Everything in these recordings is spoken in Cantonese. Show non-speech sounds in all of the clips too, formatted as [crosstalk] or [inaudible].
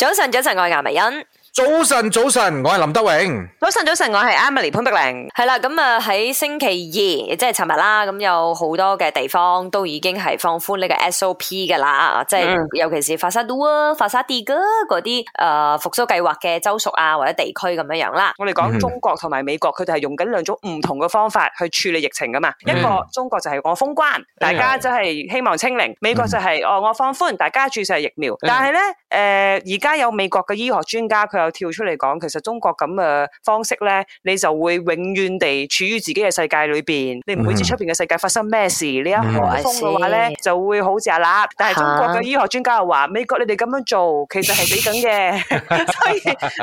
早上，早晨，我係牙美恩。早晨，早晨，我係林德榮。早晨，早晨，我係 Emily 潘德玲。係啦，咁啊喺星期二，即係尋日啦，咁有好多嘅地方都已經係放寬呢個 SOP 噶啦，即係尤其是法沙 do 啊、法沙 di 嗰啲誒復蘇計劃嘅州屬啊或者地區咁樣樣啦。我哋講中國同埋美國，佢哋係用緊兩種唔同嘅方法去處理疫情噶嘛。嗯、一個中國就係我封關，大家就係希望清零；美國就係、是嗯、哦我放寬，大家注射疫苗。嗯、但係咧，誒而家有美國嘅醫學專家佢，又跳出嚟講，其實中國咁嘅方式咧，你就會永遠地處於自己嘅世界裏邊，你唔會知出邊嘅世界發生咩事。呢一個封嘅話咧，就會好似阿立，但係中國嘅醫學專家又話：美國你哋咁樣做，其實係死梗嘅。所以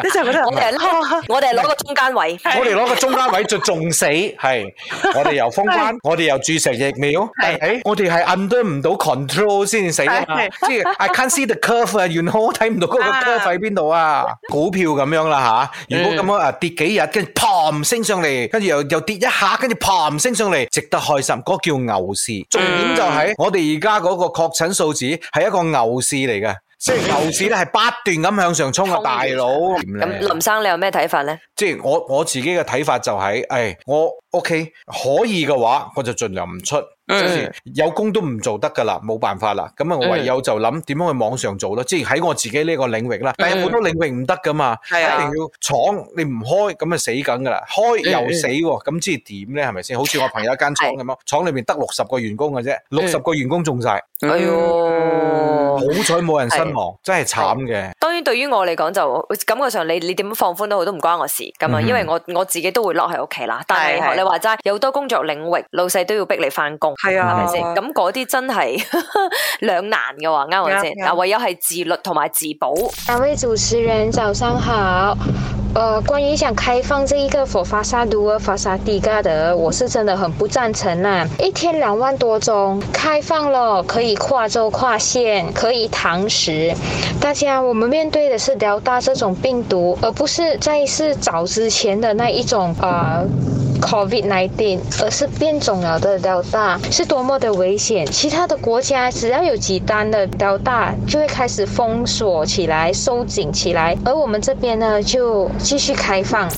你就覺得我哋我哋攞個中間位，我哋攞個中間位就仲死，係我哋又封關，我哋又注射疫苗，係我哋係 under 唔到 control 先死，即係 I can't see the curve，完好睇唔到嗰個 curve 喺邊度啊！股股票咁樣啦吓，如果咁樣啊跌幾日，跟住砰升上嚟，跟住又又跌一下，跟住砰升上嚟，值得開心。嗰個叫牛市，重點就係我哋而家嗰個確診數字係一個牛市嚟嘅，即係牛市咧係不斷咁向上衝嘅大佬。咁林生你有咩睇法咧？即係我我自己嘅睇法就係，誒，我 OK 可以嘅話，我就盡量唔出。有工都唔做得㗎喇，冇辦法喇。咁我唯有就諗點樣去網上做咯。之前喺我自己呢個領域啦，但係好多領域唔得㗎嘛。係啊、哎呀，一定要廠你唔開咁就死緊㗎喇，開又死，咁即係點呢？係咪先？好似我朋友一間廠咁樣，廠、哎、呀裏邊得六十個員工㗎啫，六十、哎、呀個員工中晒，哎喲呦，哦、好彩冇人身亡，哎、呀真係慘嘅。對於我嚟講就感覺上你你點樣放寬都好都唔關我事咁啊，嗯、因為我我自己都會落喺屋企啦。但係你話齋，有好多工作領域老細都要逼你翻工，係咪先？咁嗰啲真係 [laughs] 兩難嘅話，啱我先。啊啊、但唯有係自律同埋自保。兩位主持人早上好，誒、呃，關於想開放這一個佛法沙都爾法沙蒂噶德，我是真的很不讚成啊！一天兩萬多鐘開放咯，可以跨州跨縣，可以堂食。大家我們面。面對的是德爾塔這種病毒，而不是在是早之前的那一種啊、呃，COVID nineteen，而是變種了的德爾塔是多麼的危險。其他的國家只要有幾單的德爾塔就會開始封鎖起來、收緊起來，而我們這邊呢，就繼續開放。